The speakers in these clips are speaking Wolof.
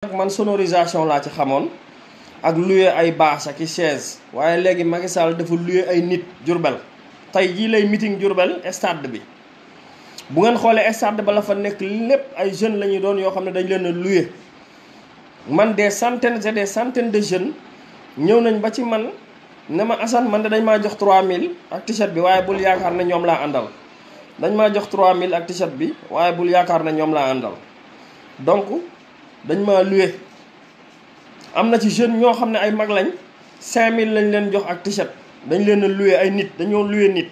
nag man sonorisation laa ci xamoon ak loué ay baas ak i chaise waaye léegi Macky Sall dafa ay nit Jurbel tey jii lay meeting Jurbel stade bi bu ngeen xoolee stade ba la fa nekk lépp ay jeunes la ñuy doon yoo xam ne dañ leen a loué man des centaines et des centaines de jeunes ñëw nañ ba ci man ne ma Assane man de dañ maa jox 3000 ak t bi waaye bul yaakaar ne ñoom laa àndal dañ maa jox 3000 ak t-shirt bi waaye bul yaakaar ne ñoom laa àndal donc dañ ma loué am na ci jeune ñoo xam ne ay mag lañ 5000 lañ leen jox ak t-shirt dañ leen a ay nit dañoo loué nit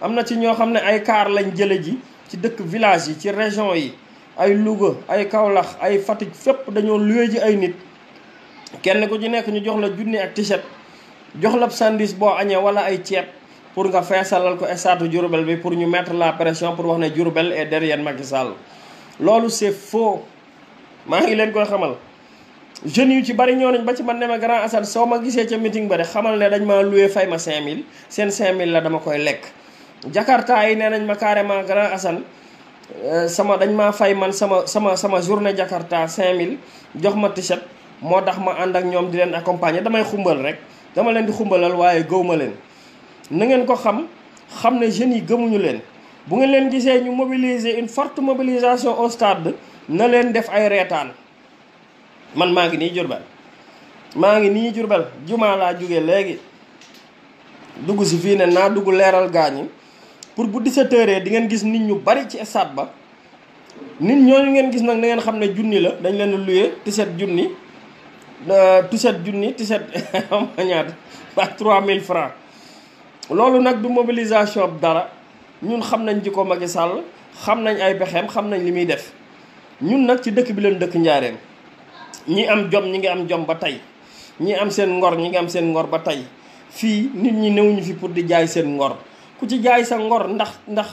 am na ci ñoo xam ne ay kaar lañ jële ji ci dëkk village yi ci région yi ay Louga ay Kaolack ay Fatick fépp dañoo loué ji ay nit kenn ku ci nekk ñu jox la junni ak t jox la sandwich boo añee wala ay ceeb pour nga feesalal ko stade Diourbel bi pour ñu mettre la pression pour wax ne Diourbel est derrière Macky Sall loolu c'est faux maa ngi leen koy xamal jeunes yu ci bari ñoo nañ ba ci man ne ma grand Assane soo ma gisee ca meeting ba de xamal ne dañ ma loué fay ma 5000 seen 5000 la dama koy lekk. Jakarta yi nee nañ ma carrément grand Assane euh, sama dañ maa fay man sama sama sama journée Jakarta 5000 jox ma t-shirt moo tax ma ànd ak ñoom di leen accompagner damay xumbal rek dama leen di xumbalal waaye gëw ma leen. na ngeen ko xam xam ne jeunes yi gëmuñu leen bu ngeen leen gisee ñu mobiliser une forte mobilisation au stade. na leen def ay reetaan man maa ngi nii jurbel maa ngi nii jurbel jumaa laa jóge léegi dugg si fii ne naa dugg leeral gaañi pour bu 17 heures di ngeen gis nit ñu bari ci stade ba nit ñooñu ngeen gis nag na ngeen xam ne junni la dañ leen luye tiset junni tiset junni tiset ñaata ba 3000 francs loolu nag du mobilisation dara ñun xam nañ jikko Macky sàll xam nañ ay pexeem xam nañ li muy def ñun nag ci dëkk bi leen dëkk njaareem ñi am jom ñi ngi am jom ba tey ñi am seen ngor ñi ngi am seen ngor ba tey fii nit ñi newuñu fii pour di jaay seen ngor ku ci jaay sa ngor ndax ndax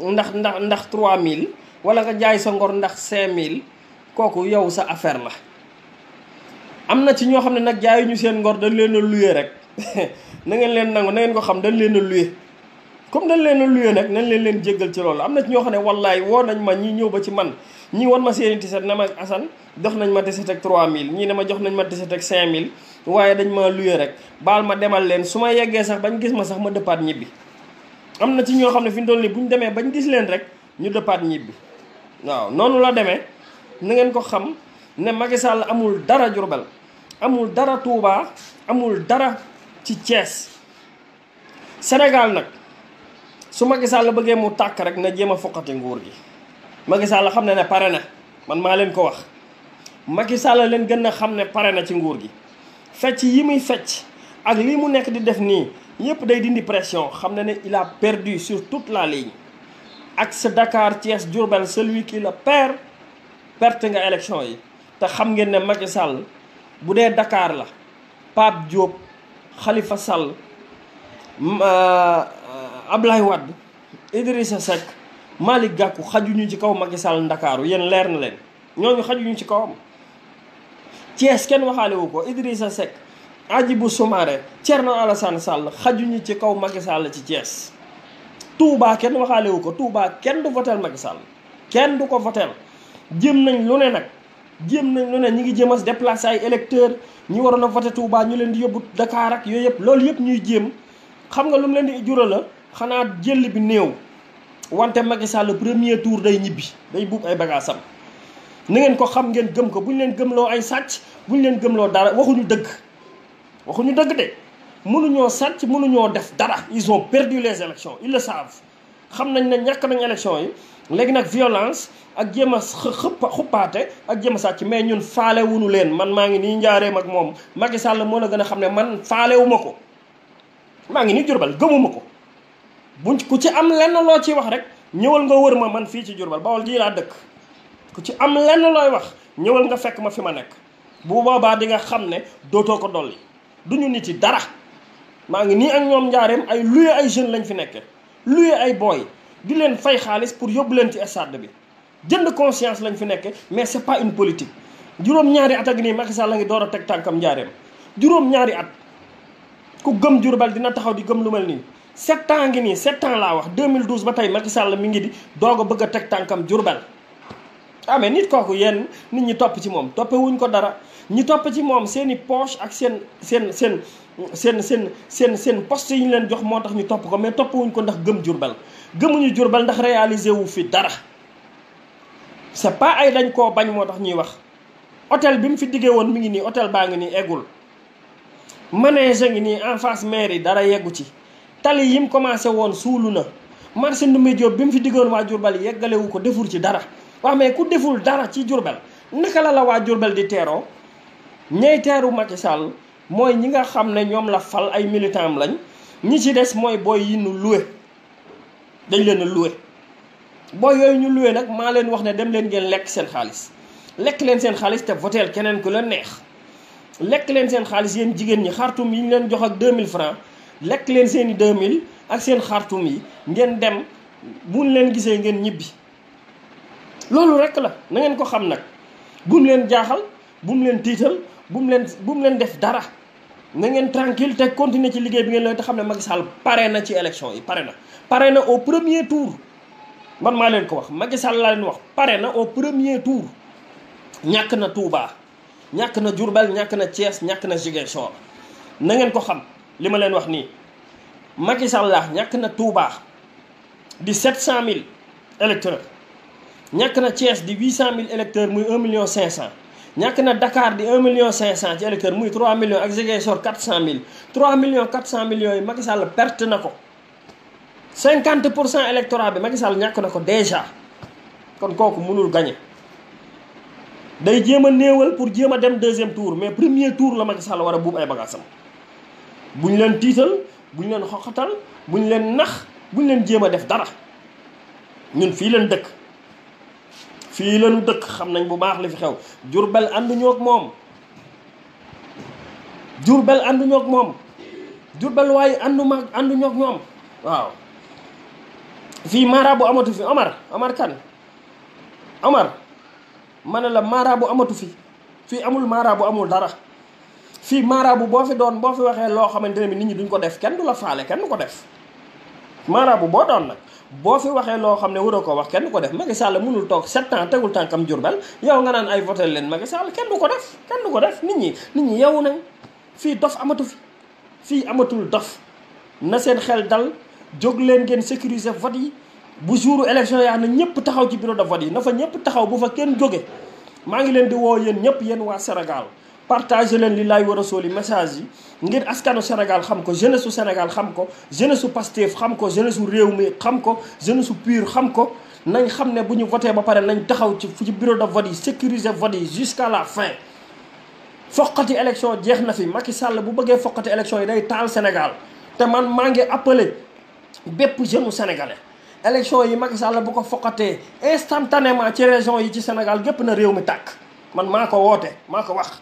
ndax ndax ndax 3000 wala nga jaay sa ngor ndax 5000 kooku yow sa affaire la. am na ci ñoo xam ne nag jaayuñu seen ngor dañ leen a luye rek na ngeen leen nangu na ngeen ko xam dañ leen a luye comme dañ leen a luyee nag nañ leen leen jéggal ci loolu am na ci ñoo xam ne wallaay woo nañ ma ñi ñëw ba ci man ñi wan ma seeni tiset ne ma asan jox nañ ma tiset ak mille ñii ne ma jox nañ ma tiset ak mille waaye dañ ma luyee rek baal ma demal leen su ma yeggee sax bañ gis ma sax ma dëppaat ñibbi am na ci ñoo xam ne fi ñu doon ni bu ñu demee bañ gis leen rek ñu dëppaat ñibbi waaw noonu la demee nangeen ko xam ne Macky Sall amul dara Diourbel amul dara Touba amul dara ci Thiès Sénégal su Macky Sall la bëggee mu tàkk rek na jéem a foqati nguur gi Macky Sall la xam ne ne pare na man maa leen ko wax Macky Sall la leen gën a xam ne pare na ci nguur gi fecc yi muy fecc ak lii mu nekk di def nii yépp day dindi pression xam ne ne il a perdu sur la ligne ak sa Dakar Thiès Diourbel celui qui la perd perte nga élection yi te xam ngeen ne Macky Sall bu dee dakaar la Pape Diop Khalifa Sall euh, Ablaye Wade Idrissa Seck Malick Gakou xajuñu ci kaw Macky Sall Ndakaaru yéen leer na leen ñoo ñooñu xajuñu ci kawam Thiès kenn waxaalewu ko waxaale wu ko Idrissa Seck Hadjibou na Thierno Alassane Sall xajuñu ci kaw Macky Sall ci Thiès Touba kenn waxaale wu ko Touba kenn du votel Macky Sall kenn du ko votel jëm nañ lu ne nag jéem nañ lu ne ñi ngi jéem a déplacer ay électeurs ñu waroon a voté tuubaa ñu leen di yóbbu Dakar ak yooyu yëpp loolu yëpp ñuy jéem xam nga lu mu leen la xanaa jël bi néew wante Macky Sall premier tour day ñibbi day buub ay bagaasam na ngeen ko xam ngeen gëm ko bu ñu leen gëmloo ay sàcc bu ñu leen gëmloo dara waxuñu dëgg waxuñu dëgg de mënuñoo sàcc mënuñoo def dara ils ont perdu les élections ils le xam nañ ne ñàkk nañ élections yi léegi nag violence ak jéem a xëpp xuppaate ak jéem a sàcc mais ñun faale wuñu leen man maa ngi nii njaareem ak moom Macky Sall moo la gën a xam ne man faale wu ko maa ngi nii Jurbel gëmuma ko buñ ku ci am lenn loo ciy wax rek ñëwal nga wër ma man fii ci Jurbel Bawol gii laa dëkk ku ci am lenn looy wax ñëwal nga fekk ma fi ma nekk boobaa di nga xam ne dootoo ko dolli duñu nit yi dara maa ngi nii ak ñoom njaareem ay luye ay jeunes lañ fi nekkee luye ay booy du leen fay xaalis pour yóbbu leen ci estade bi jënd conscience lañ fi nekkee mais c'est pas une politique juróom-ñaari at ak nii Macky la ngi door a teg tànkam njaareem juróom-ñaari at ku gëm Jurbel dina taxaw di gëm lu mel nii. sept ans ngi nii sept ans laa wax 2012 ba tey Macky Sall mi ngi di doog a bëgg a teg tànkam Jurbel ah mais nit kooku yéen nit ñi topp ci moom toppe ko dara ñi topp ci moom seen i poche ak seen seen seen seen seen seen seen poste yi ñu leen jox moo tax ñu topp ko mais topp wuñ ko ndax gëm Jurbel gëmuñu Jurbel ndax réaliser wu fi dara c'est pas ay dañ ko bañ moo tax ñuy wax hôtel bi mu fi diggee woon mi ngi nii hôtel baa ngi nii eggul manège ngi nii en face maire yi dara yeggu ci tali yim commencé woon suulu na marché Ndoumbé Diop bi mu fi diggoon waa Diourbel yeggalewu ko deful ci dara waaw mais ku deful dara ci Diourbel naka la la waa Diourbel di teeroo ñay teeru Macky mooy ñi nga xam ne ñoom la fal ay militant am lañ ñi ci des mooy booy yi ñu loué dañ leen a loué booy yooyu ñu loué nag maa leen wax ne dem leen ngeen lekk seen xaalis lekk leen seen xaalis te voteel keneen ku la neex lekk leen seen xaalis yéen jigéen ñi xartum yi ñu leen jox ak 2000 francs lekk leen seen i mille ak seen xartum yi ngeen dem buñ leen gisee ngeen ñibbi loolu rek la na ngeen ko xam nag bumu leen jaaxal bumu leen tiital bumu leen bumu leen def dara na ngeen tranquille te continuer ci liggéey bi ngeen leen te xam ne Macky Sall pare na ci élection yi pare na pare na au premier tour man maa leen ko wax Macky Sall laa leen wax pare na au premier tour ñàkk na Touba ñàkk na Diourbel ñàkk na Thiès ñàkk na Ziguinchor na ngeen ko xam li ma leen wax nii Macky laax ñàkk na Touba di 700000 électeurs ñàkk na Thiès di 800000 électeurs muy 1 million 500 ñàkk na Dakar di 1 million 500 ci électeurs muy 3 millions ak Ziguinchor 400000 3 millions 400 millions yi Macky Sall perte na ko 50 pour cent électorat bi Macky Sall ñàkk na ko déjà kon kooku mënul gagné. day jéem a néewal pour jéem a dem deuxième tour mais premier tour la Macky Sall war a buub ay bagaasam buñ leen tiital buñ leen xoxatal buñ leen nax buñ leen jéem a def dara ñun fii leen dëkk fii lañu dëkk xam nañ bu baax li fi xew Jurbel ànduñu ak moom Jurbel ànduñu ak moom Jurbel waaye ànduma ànduñu ak ñoom waaw fii maaraabu amatu fi Omar Omar kan Omar ma ne la maaraabu amatu fi fii amul bu amul dara fii maaraabu boo fi doon boo fi waxee loo xamante ne bi nit ñi duñ ko def kenn du la faale kenn du ko def maaraabu boo doon nag boo fi waxee loo xam ne waroo ko wax kenn du ko def Macky Sall mënul toog sept ans tànkam Jurbel yow nga naan ay voté leen Macky Sall kenn du ko def kenn du ko def nit ñi nit ñi yow nañ fii dof amatu fi fii amatul dof na seen xel dal jóg leen ngeen sécuriser vote yi bu jouru élection yaa na ñëpp taxaw ci biro de vote yi na fa ñëpp taxaw bu fa kenn jóge maa ngi leen di woo yéen ñëpp yéen waa Sénégal partagé leen li laay war a sóoli message yi ngir askanu Sénégal xam ko jeunesse su Sénégal xam ko jeunesse su Pastef xam ko jeunesse su réew mi xam ko jeunesse su PUR xam ko nañ xam ne bu ñu voté ba pare nañ taxaw ci fu ci bureau de vote yi sécuriser vote yi jusqu'à la fin foqati élection jeex na fi Macky Sall bu bëggee foqati élection yi day taal Sénégal te man maa ngi appelé bépp jeune sénégalais élection yi Macky Sall bu ko foqatee instantanément ci région yi ci Sénégal gépp na réew mi tàkk man maa ko woote maa ko wax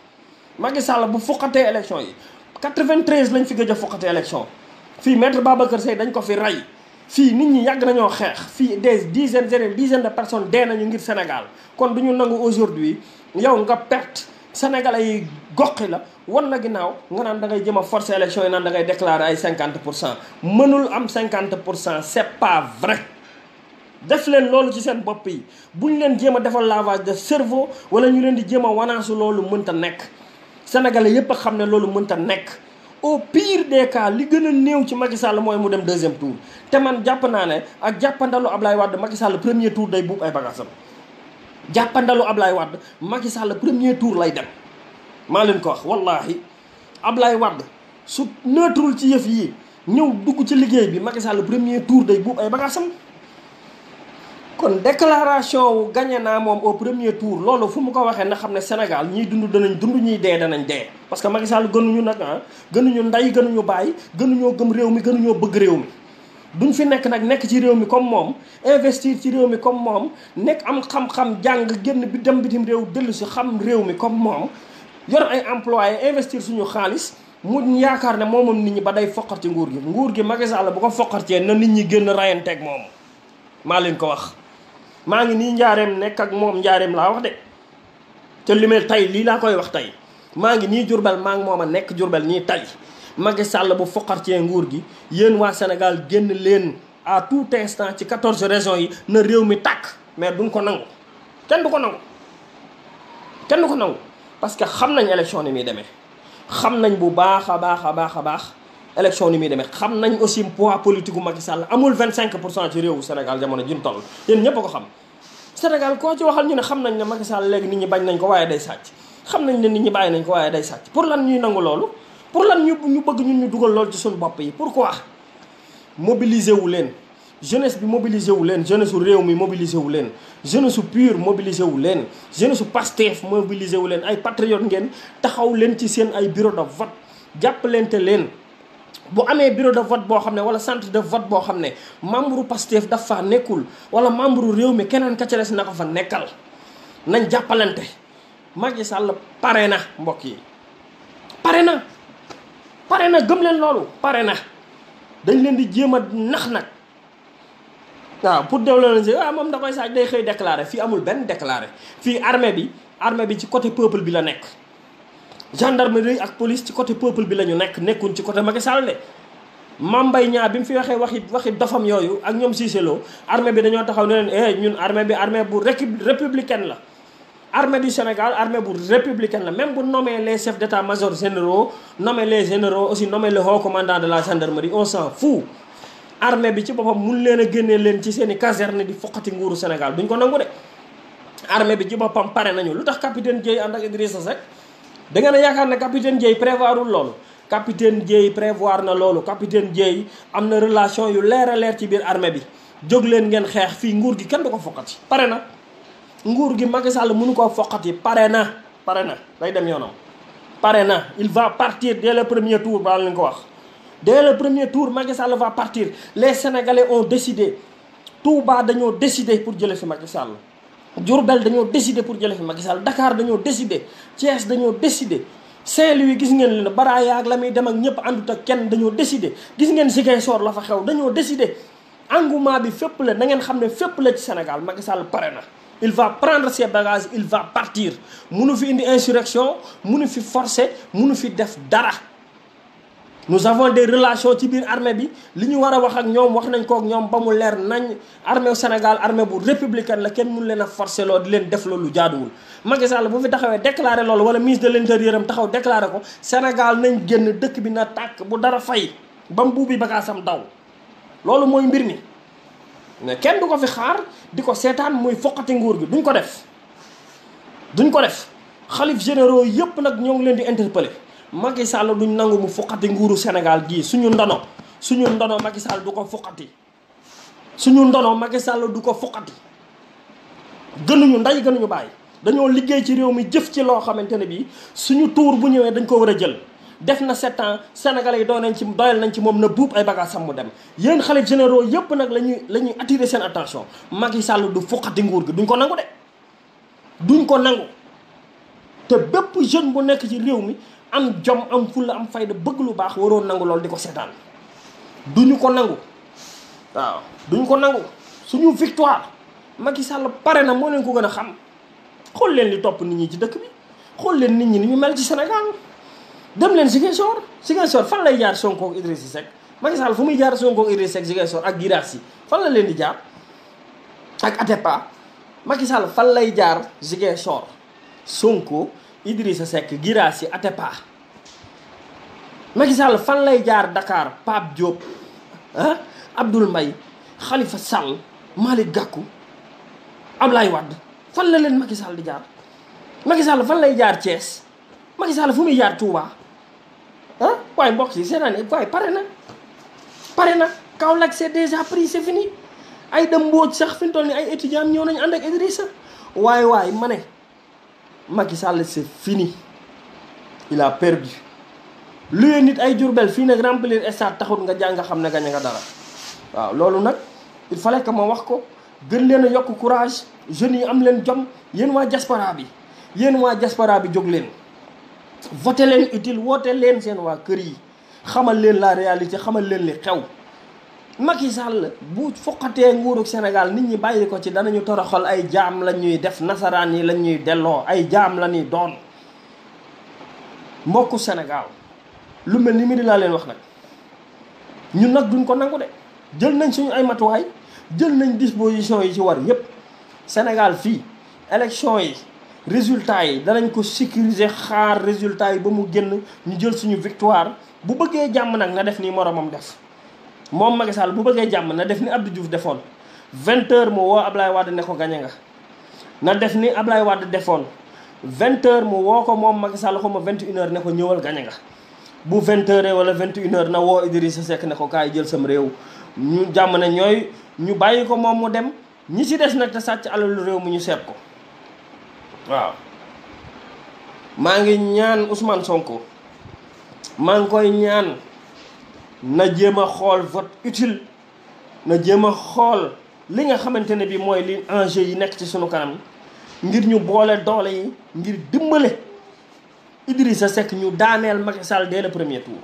Macky Sall bu foqatee élection yi 93 lañ fi gëj a foqatee élection fii maître Babacar Seye dañ ko fi rey fii nit ñi yàgg nañoo xeex fii des dizaines et dizaines de personnes dee nañu ngir Sénégal kon du ñu nangu aujourd'hui yow nga perte sénégalais yi goxi la war na ginnaaw nga naan da ngay jëm a forcer élection yi naan da ngay déclarer ay 50 pour cent mënul am cinquante pour cent c'est pas vrai. def leen loolu ci seen bopp yi bu ñu leen jéem a defal lavage de cerveau wala ñu leen di jéem a wanaasu loolu mënta nekk. sénégalais yépp xam ne loolu mënta nekk au pire des cas li gën a néew ci Macky Sall mooy mu dem deuxième tour te man jàpp naa ne ak jàppandalu Ablaye Wade Macky Sall premier tour day buub ay bagaasam jàppandalu Ablaye Wade Macky Sall premier tour lay dem maa leen ko wax wallaahi Ablaye Wade su neutrul ci yëf yi ñëw dugg ci liggéey bi Macky Sall premier tour day buub ay bagaasam kon déclaration wu gagné naa moom au premier tour loolu fu mu ko waxee na xam ne Sénégal ñiy dund danañ dund ñiy dee danañ dee parce que Macky Sall gënuñu nag ah gënuñu nday gënuñu bàyyi gënuñoo gëm réew mi gënuñoo bëgg réew mi duñ fi nekk nag nekk ci réew mi comme moom investir ci réew mi comme moom nekk am xam-xam jàng génn bi dem bitim réew dellu si xam réew mi comme moom yor ay employé investir suñu xaalis mu yaakaar ne moomam nit ñi ba day foqar ci nguur gi nguur gi Macky Sall bu ko foqartee na nit ñi génn rayanteeg moom maa leen ko wax maa ngi nii njaareem nekk ak moom njaareem laa wax de te li may tay lii laa koy wax tey maa ngi nii jurbel maa ngi moom a nekk jurbel nii tay Macky Sall bu foqar cee nguur gi yéen waa Sénégal génn leen à tout instant ci quatorze régions yi na réew mi tàkk mais duñ ko nangu kenn du ko nangu kenn du ko nangu parce que xam nañ élection ni muy demee xam nañ bu baax a baax a baax a baax élection ni muy demee xam nañ aussi poids politique u Macky Sall amul vingt cinq pour cent ci réewu Sénégal ñëpp ko xam Sénégal koo ci waxal ñu ne xam nañ ne Macky Sall nit ñi bañ nañ ko waaye day sàcc xam nañ ne nit ñi bàyyi nañ ko waaye day sàcc pour lan ñuy nangu loolu pour lan ñu ñu bëgg ñun ñu dugal lool ci suñu bopp yi pourquoi mobiliser wu leen jeunesse bi mobiliser wu leen jeunesse su réew mi mobiliser wu leen jeunesse su PUR mobiliser wu leen jeunesse su PASTEF mobiliser wu leen ay patriote ngeen taxaw leen ci seen ay bureau de vote jàppalante leen bu amee bureau de vote boo xam ne wala centre de vote boo xam ne membre Pastef dafa nekkul wala membre réew mi keneen ka ca des na ko fa nekkal nañ jàppalante Macky Sall pare na mbokk yi pare na pare na gëm leen loolu pare na dañ leen di jéem a nax nag waaw pour déwlo leen si waaw ah, moom da koy saaj day xëy déclaré fii amul benn déclaré fii armée bi armée bi ci côté peuple bi la nekk gendarmerie ak police ci côté peuple bi la ñu nekk nekkuñ ci côté Macky Sall de Mame Mbaye Niang bi mu fi waxee waxi waxi dofam yooyu ak ñoom Cissé Lo armée bi dañoo taxaw ne leen eh ñun armée bi armée bu républicaine la armée du Sénégal armée bu républicaine la même bu nommé les chefs d'état-major généraux nommé les généraux aussi nommé le haut commandant de la gendarmerie on s'en fout armée bi ci boppam mun leen a génnee leen ci seen i caserne di foqati nguuru Sénégal duñ ko nangu de armée bi ci boppam pare nañu lu tax capitaine Dièye ànd ak Idrissa Seck da ngeen a yaakaar ne capitaine Dieye prévoirul loolu capitaine Dieye prévoir na loolu capitaine Dieye am na relation yu leer a leer ci biir armée bi jóg leen ngeen xeex fii nguur gi kenn du ko foqati pare na nguur gi Macky Sall mënu koo foqati pare na pare na day dem yoonam pare na il va partir dès le premier tour baal nañu ko wax dès le premier tour Macky Sall va partir les sénégalais ont décidé Touba dañoo décidé pour jële fi Macky Sall Diourbel dañoo décidé pour jële fi Macky Sall Dakar dañoo décidé Thiès dañoo décidé Saint-Louis gis ngeen ne Baraya ak la muy dem ak ñëpp àndut ak kenn dañoo décidé gis ngeen si Ziguinchor la fa xew dañoo décidé engouement bi fépp la na ngeen xam ne fépp la ci Sénégal Macky Sall pare na il va prendre ses bagages il va partir munu fi indi insurrection munu fi forcer munu fi def dara nous avons des relation ci biir armée bi li ñu war a wax ak ñoom wax nañ kook ñoom ba mu leer nañ armée Sénégal armée bu républicaine la kenn mun leen a forcer loolu di leen def loolu jaaduwul. Macky Sall bu fi taxawee déclaré loolu wala ministre de l'intérieur am taxaw déclaré ko Sénégal nañ génn dëkk bi na tàkk bu dara fay ba mu buubi bagaasam daw loolu mooy mbir mi. mais kenn du ko fi xaar di ko seetaan muy foqati nguur gi duñ ko def duñ ko def xalif généraux yëpp nag ñoo ngi leen di interpeller Macky Sall duñ nangu mu fuqati nguuru Sénégal gii suñu ndono suñu ndono Macky Sall du ko fuqati suñu ndono Macky Sall du ko fuqati gënuñu ndey gënuñu bàyyi dañoo liggéey ci réew mi jëf ci loo xamante ne bii suñu tuur bu ñëwee dañ ko war a jël def na sept ans sénégalais yi doon nañ ci doyal nañ ci moom na buub ay bagage sam mu dem yéen xale généraux yëpp nag lañuy ñuy la ñuy attirer seen attention Macky Sall du fuqati nguur gi duñ ko nangu de duñ ko nangu te bépp jeune bu nekk ci réew mi am jom am fulla am fayda bëgg lu baax waroo nangu loolu di ko seetaan duñu ko nangu waaw duñu ko nangu suñu victoire Macky Sall pare na moo leen ko gën a xam xool leen li topp nit ñi ci dëkk bi xool leen nit ñi ni ñu mel ci Sénégal dem leen Ziguinchor Ziguinchor fan lay jaar Sonko ak si Seck Macky Sall fu muy jaar Sonko ak Idrissa Seck Ziguinchor ak si fan la leen di jaar ak Atepa Macky Sall fan lay jaar Ziguinchor Sonko Idrissa Seck Guirassy Atepa Macky Sall fan lay jaar Dakar Pape Diop ah Abdoul Mbaye Khalifa Sall Malick Gakou Ablaye wadd fan la leen Macky Sall di jaar Macky Sall fan lay jaar Thiès Macky Sall fu muy jaar Touba ah, waaye mbokk yi seenaa ne waaye pare na pare na kaw Kaolack c'est déjà pris c'est fini ay da mbooj sax fi mu toll nii ay étudiants ñëw nañu ànd ak Idrissa waaye waaye ma ne Macky Sall c'est fini il a perdu luy nit ay Diourbel fii nag remplir stade taxut nga jàng xam ne gañ nga dara waaw loolu nag il fallait que ma wax ko gën leen a yokk courage jeunes yi am leen jom yéen waa diaspora bi yéen waa diaspora bi jóg leen voté leen utile woote leen seen waa kër yi xamal leen la réalité xamal leen li xew Macky Sall bu foqatee nguurug Sénégal nit ñi bàyyi ko ci danañu toroxal ay jaam la ñuy def nasaraan yi la ñuy delloo ay jaam la ñuy doon mbokk Sénégal lu mel ni mi di laa leen wax nag ñun nag duñ ko nangu de jël nañ suñu ay matuwaay jël nañ disposition yi ci war yépp Sénégal fii élection yi résultat yi danañ ko sécuriser xaar résultat yi ba mu génn ñu jël suñu victoire bu bëggee jàmm nag na def nii moroomam def moom Macky Sall bu bëggee jàmm na def ni Abdou Diouf defoon vingt heures mu woo Ablaye Wade ne ko gañe nga na def ni Ablaye Wade defoon vingt heures mu woo ko moom Macky Sall ko ma vingt une heures ne ko ñëwal gañe nga bu vingt heures wala vingt une na woo sa sekk ne ko kaay jël sam réew ñu jàmm na ñooy ñu bàyyi ko moom mu dem ñi ci des nag te sàcc alalu réew mu ñu seet ko waaw maa ngi ñaan usmaan Sonko maa ngi koy ñaan na jéem a xool vote utile na jéem a xool li nga xamante ne bi mooy li enjeu yi nekk ci sunu kanam ngir ñu boole doole yi ngir dimbale Idrissa Seck ñu daaneel Macky Sall dès premier tour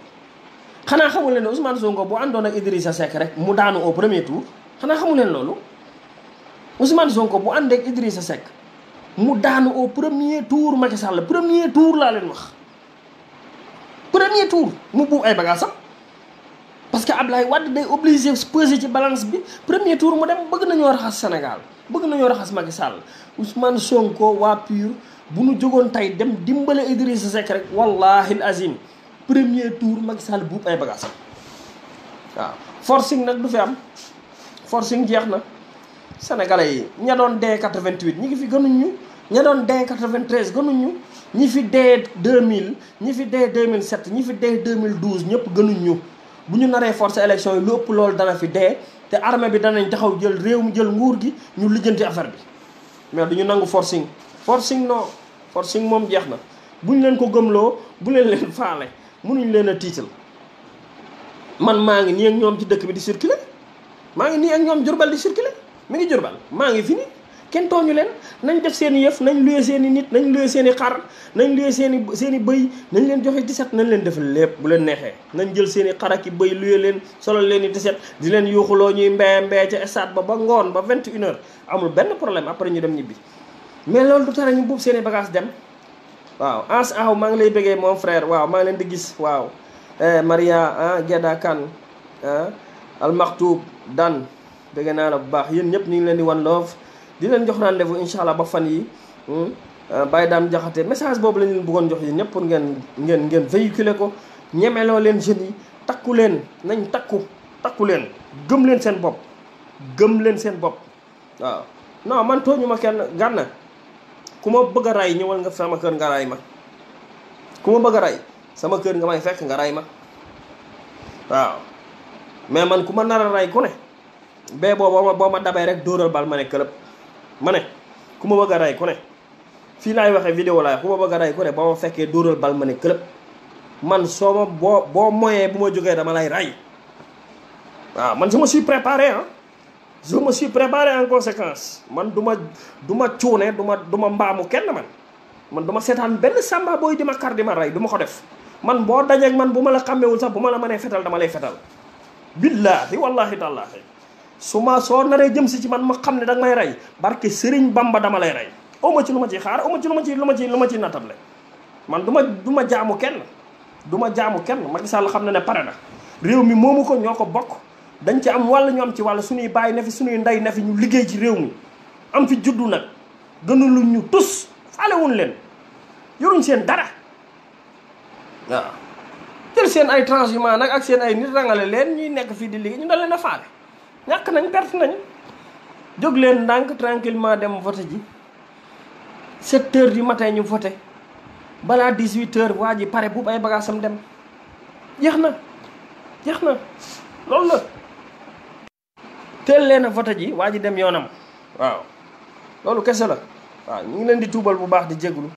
xanaa xamu leen ne Ousmane bu àndoon ak Idrissa Seck rek mu daanu au premier tour xamu leen loolu Ousmane Sonko bu ànd ak sa Seck mu daanu au premier tour Macky Sall premier tour laa leen wax premier tour mu buub ay bagages sax parce que Ablaye Wade day obligé peser ci balance bi premier tour mu dem bëgg nañoo raxas Sénégal bëgg nañoo raxas Macky Sall Ousmane Sonko waa PUR bu nu jógoon tey dem dimbale Idrissa Seck rek wallahi azim premier tour Macky Sall buub ay bagaasam waaw forcing nag du fi am forcing jeex na sénégalais yi ña doon dee 88 ñi ngi fi gënuñ ñu ña doon dee 93 gënuñ ñu ñi fi dee 2000 ñi fi dee 2007 ñi fi dee 2012 ñëpp gënuñ ñu. bu ñu naree force élection yi lu ëpp loolu dana fi dee te armée bi danañ taxaw jël réew mu jël nguur gi ñu lijjanti affaire bi mais du ñu nangu forcing forcing non forcing moom jeex na bu ñu leen ko gëmloo bu leen leen faale munuñu leen a tiital man maa ngi nii ak ñoom ci dëkk bi di circuler maa ngi nii ak ñoom jurbal di circuler mi ngi jurbal maa ngi fi nii kenn tooñu leen nañ def seen yëf nañ luye seen i nit nañ luye seeni i xar nañ luye seeni i seen i bëy nañ leen joxe tiset nañ leen def lépp bu leen neexee nañ jël seeni i xar ak i bëy luye leen solal leen di tiset di leen yuuxuloo ñuy mbee mbee ca stade ba ba ngoon ba vingt une heure amul benn problème après ñu dem ñibbi mais loolu du tara ñu buub seen i bagage dem waaw ans aw maa ngi lay bëggee moom frère waaw maa ngi leen di gis waaw eh, Maria ah Geda Kan ah, Dan bëgg naa la bu baax yéen ñëpp ñu ngi leen di wan loof di leen jox rendez-vous incha allah ba fan yi hmm? euh, Baye Dame Diakhaté message boobu lañ leen bëggoon jox yi ñëpp pour ngeen ngeen ngeen véhiculer ko ñemeloo leen jeunes yi takku leen nañ takku takku leen gëm leen seen bopp gëm leen seen bopp waaw non man tooñu ma kenn gànna ku ma bëgg a ray ñëwal nga sama kër nga ray ma ku ma bëgg a ray sama kër nga may fekk nga ray ma waaw mais man ku ma nar a ray ku ne bee boo boo ma dabee rek dóoral bal ma ne këlëb ma ne ku ma bëgg a rey ku ne fii laay waxe vidéo laay ku ma bëgg a rey ku ne ba ma fekkee dóoral bal ma ne këlëb man soo ma boo boo moyee bu ma jógee dama lay ray waaw man je ma suis préparé ah je me suis en conséquence man du ma du ma cuune du ma du ma mbaamu kenn man man du ma seetaan benn sàmba booy di ma kar di ma rey du ma ko def man boo dajeeg man bu ma la xàmmewul sax bu ma la mënee fetal dama lay fetal billaahi wallaahi tallaahi su ma soo naree jëm si ci man ma xam ne danga may rey barke Sëriñ Bamba dama lay rey awma ci lu ma ciy xaar awma ci lu ma ci lu ma ci lu ma ciy nattable man du ma du ma jaamu kenn du ma jaamu kenn Macky Sall xam na ne pare na réew mi moomu ko ñoo ko bokk dañ ci am wàll ñu am ci wàll suñuy bàyyi na fi suñuy ndey na fi ñu liggéey ci réew mi am fi juddu nag gënaluñ ñu tus faalewuñ leen yoruñ seen dara waaw jël seen ay transhumant nag ak seen ay nit rangale leen ñuy nekk fii di liggéey ñu da leen a faale ñàkk nañ perte nañ jóg leen ndànk tranquillement dem vote ji 7 heures du matin ñu vote balaa 18 heures waa ji pare bu bay bagaasam dem jeex na jeex na loolu la teel leen a vote ji waa ji dem yoonam waaw loolu kese la waaw ñu ngi leen di tuubal bu baax di jéglu